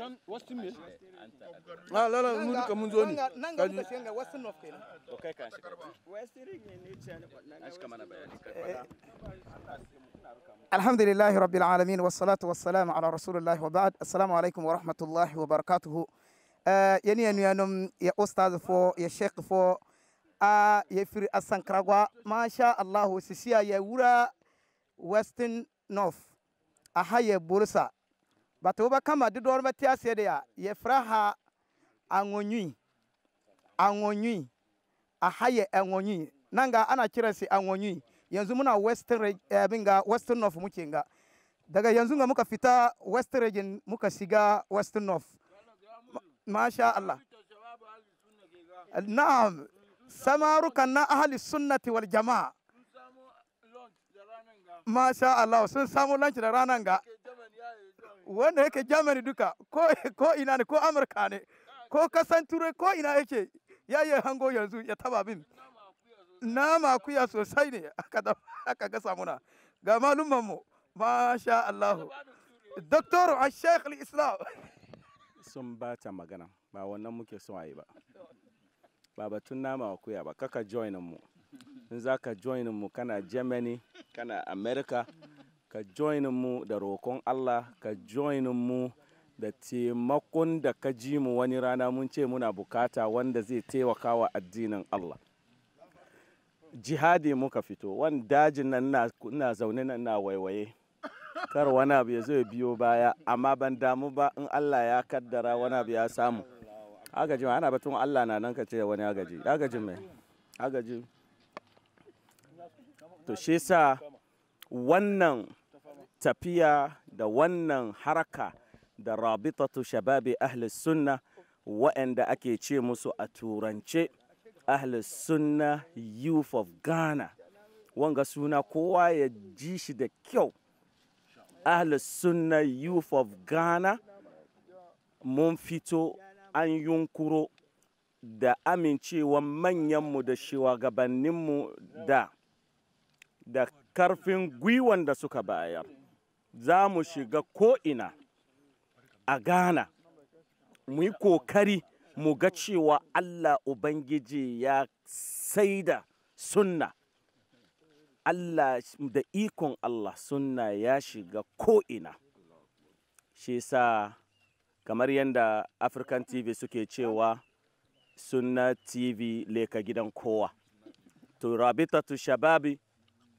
can wasu me ah la la mun ka mun zo ne nan ga muka shenga wasu nof kenan to kai kan shi wasu rigi ne can nan ga mana bayani الحمد لله رب العالمين والصلاة والسلام على رسول الله وبعد السلام عليكم ورحمة الله وبركاته يعني أنو ينم يا أستاذ فو يا شيخ فو يا فري أسانكراغوا ما شاء الله سيسيا يا ورا ويستن نوف أحيا بورسا kama wobɛkama dodoɔ ba bɛte aseɛ deɛ a yɛfrɛ ha anwonwi anwonwi aha yɛ anwonwi nanga ana kyerɛ se anwonwi yanzu muna western region eh, binga western north muke nga daga yanzu ga muka fita western region muka shiga western north masha Allah na'am samarukan na ahli sunnati wal jama'a masha Allah sun samu lunch da ranan ga wanda yake Germany duka ko ina ne ko Amurka ne ko kasan turai ko ina yake ya yi hango yanzu ya taba bin nama kuya sosai ne aka ga samuna ga malumanmu mu masha allahu doktor a sheikh islam sun ba ta magana ba wannan muke son a yi ba ba batun nama kuya ba kaka joinin mu in za ka joinin mu kana germany kana america ka joinin mu da roƙon Allah ka joinin mu da taimakon da ka ji mu wani rana mun ce muna bukata wanda zai taimaka wa addinin Allah jihadi muka fito wani dajin nan na zaune nan na waiwaye kar wani abu ya zo biyo baya amma ban damu ba in Allah ya kaddara wani abu ya samu agajin ana batun Allah na nan ka ce wani agaji Agaji mai agaji to shi sa wannan tafiya da wannan haraka da rabitatu shababi ahli sunna waɗanda ake ce musu a turance ahli sunna youth of ghana wanga suna kowa ya ji shi da kyau ahli sunna youth of ghana mun fito an yunkuro da amincewa manyanmu da shugabanninmu da da karfin gwiwan da suka bayar za mu shiga ko'ina a Ghana, mu yi kokari mu ga cewa Allah Ubangiji ya saida sunna. Allah da ikon Allah sunna ya shiga ko'ina. Shi sa kamar yadda African TV suke cewa sunna TV leka gidan kowa. To tu shababi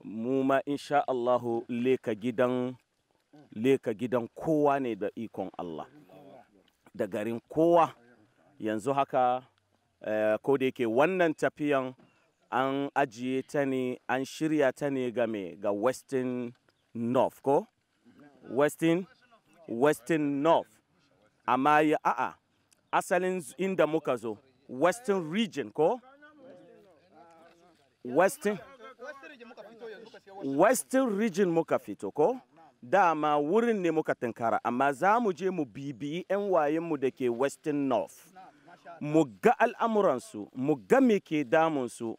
mu ma insha Allahu leka gidan leka gidan kowa ne da ikon Allah da garin kowa yanzu haka eh, ko da yake wannan tafiyan an ajiye ta ne an shirya ta ne game ga western north ko western western north amma ya a'a asalin inda muka zo western region ko western western region muka fito ko dama wurin ne muka tunkara amma za mu je mu bibiyi 'yan wayenmu da ke western north mu ga al'amuransu mu ga me ke damunsu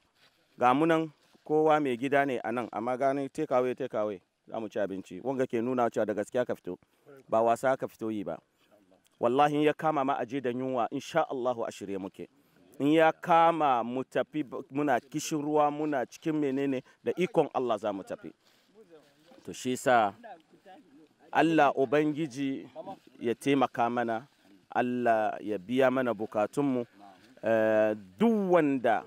ga munan kowa mai gida ne a nan amma gani takeaway takeaway za mu ci abinci wanga ke nuna cewa da gaskiya ka fito ba wasa ka fito yi ba wallahi ya kama ma aje da yunwa insha Allah a shirye muke in ya kama mu tafi muna kishin ruwa muna cikin menene da ikon Allah za mu tafi to shi sa Allah Ubangiji ya taimaka mana, Allah ya biya mana bukatunmu, eh, duwanda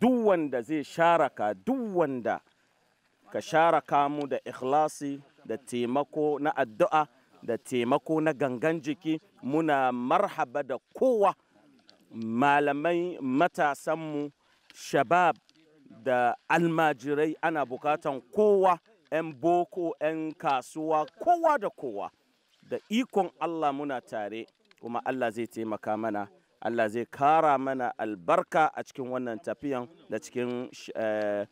duwanda zai sharaka duk wanda ka sharaka mu da ikhlasi da taimako na addu'a da taimako na gangan jiki muna marhaba da kowa malamai matasanmu shabab da almajirai ana bukatan kowa 'yan boko 'yan kasuwa kowa da kowa da ikon allah muna tare kuma allah zai taimaka mana allah zai kara mana albarka a cikin wannan tafiyan da cikin eh,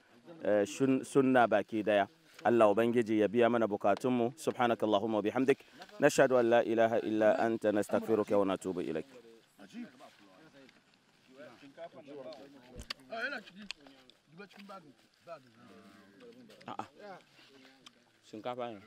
eh, sunna baki daya allah ubangiji ya biya mana bukatunmu subhanakallahumma bihamdik na an la ilaha illa anta nastaghfiruka wa natubu ilaik Ah, ah. Shinkafa ne.